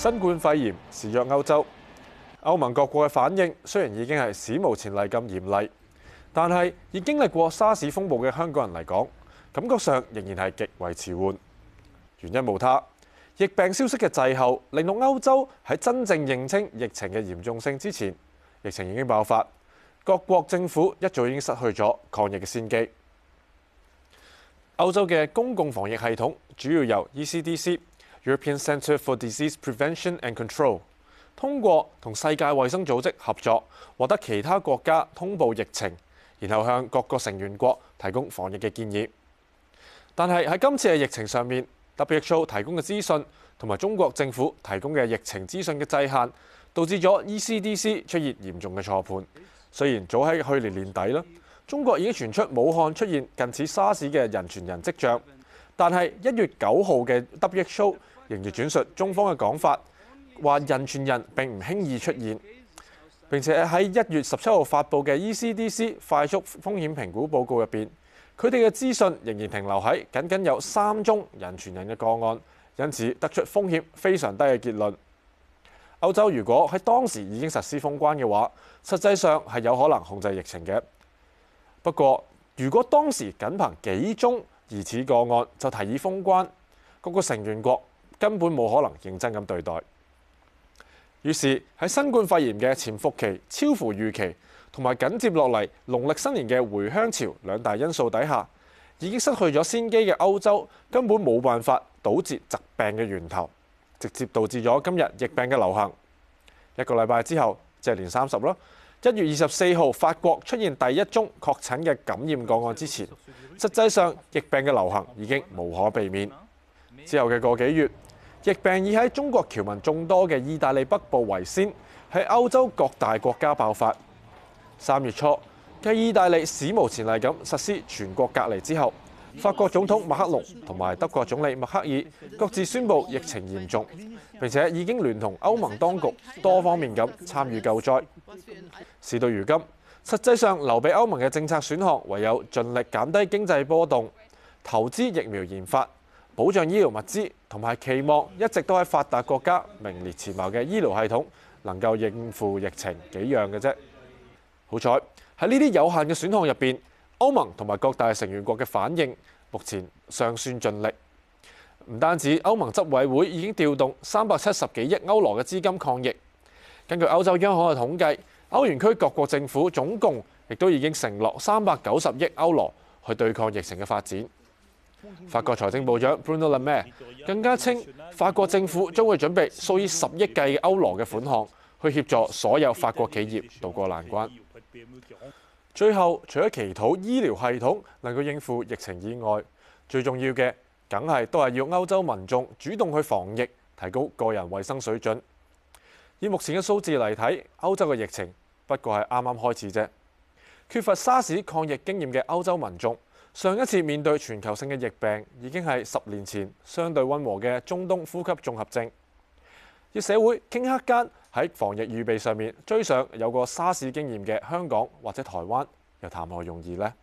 新冠肺炎肆虐歐洲，歐盟各國嘅反應雖然已經係史無前例咁嚴厲，但係以經歷過沙士風暴嘅香港人嚟講，感覺上仍然係極為遲緩。原因無他，疫病消息嘅滯後，令到歐洲喺真正認清疫情嘅嚴重性之前，疫情已經爆發，各國政府一早已經失去咗抗疫嘅先機。歐洲嘅公共防疫系統主要由 ECDC，European Centre for Disease Prevention and Control 通過同世界衛生組織合作，獲得其他國家通報疫情，然後向各個成員國提供防疫嘅建議。但係喺今次嘅疫情上面，WHO 提供嘅資訊同埋中國政府提供嘅疫情資訊嘅制限，導致咗 ECDC 出現嚴重嘅錯判。雖然早喺去年年底啦，中國已經傳出武漢出現近似沙士嘅人傳人跡象。但係一月九號嘅 WHO 仍然轉述中方嘅講法，話人傳人並唔輕易出現。並且喺一月十七號發布嘅 ECDC 快速風險評估報告入邊，佢哋嘅資訊仍然停留喺僅僅有三宗人傳人嘅個案，因此得出風險非常低嘅結論。歐洲如果喺當時已經實施封關嘅話，實際上係有可能控制疫情嘅。不過如果當時僅憑幾宗，而此個案就提議封關，各個成員國根本冇可能認真咁對待。於是喺新冠肺炎嘅潛伏期超乎預期，同埋緊接落嚟農曆新年嘅回鄉潮兩大因素底下，已經失去咗先機嘅歐洲根本冇辦法堵截疾病嘅源頭，直接導致咗今日疫病嘅流行。一個禮拜之後即係、就係、年三十啦！一月二十四號，法國出現第一宗確診嘅感染個案之前。實際上，疫病嘅流行已經無可避免。之後嘅個幾月，疫病已喺中國僑民眾多嘅意大利北部為先，喺歐洲各大國家爆發。三月初，繼意大利史無前例咁實施全國隔離之後，法國總統馬克龍同埋德國總理默克爾各自宣布疫情嚴重，並且已經聯同歐盟當局多方面咁參與救災。事到如今。實際上，留畀歐盟嘅政策選項，唯有盡力減低經濟波動、投資疫苗研發、保障醫療物資，同埋期望一直都喺發達國家名列前茅嘅醫療系統能夠應付疫情幾樣嘅啫。好彩喺呢啲有限嘅選項入邊，歐盟同埋各大成員國嘅反應，目前尚算盡力。唔單止歐盟執委會已經調動三百七十幾億歐羅嘅資金抗疫，根據歐洲央行嘅統計。歐元區各國政府總共亦都已經承諾三百九十億歐羅去對抗疫情嘅發展。法國財政部長 Bruno Le Maire 更加稱，法國政府將會準備數以十億計嘅歐羅嘅款項，去協助所有法國企業渡過難關。最後，除咗祈禱醫療系統能夠應付疫情以外，最重要嘅，梗係都係要歐洲民眾主動去防疫，提高個人衛生水準。以目前嘅數字嚟睇，歐洲嘅疫情不過係啱啱開始啫。缺乏沙士抗疫經驗嘅歐洲民眾，上一次面對全球性嘅疫病，已經係十年前相對溫和嘅中東呼吸綜合症。要社會頃刻間喺防疫預備上面追上有過沙士經驗嘅香港或者台灣，又談何容易呢？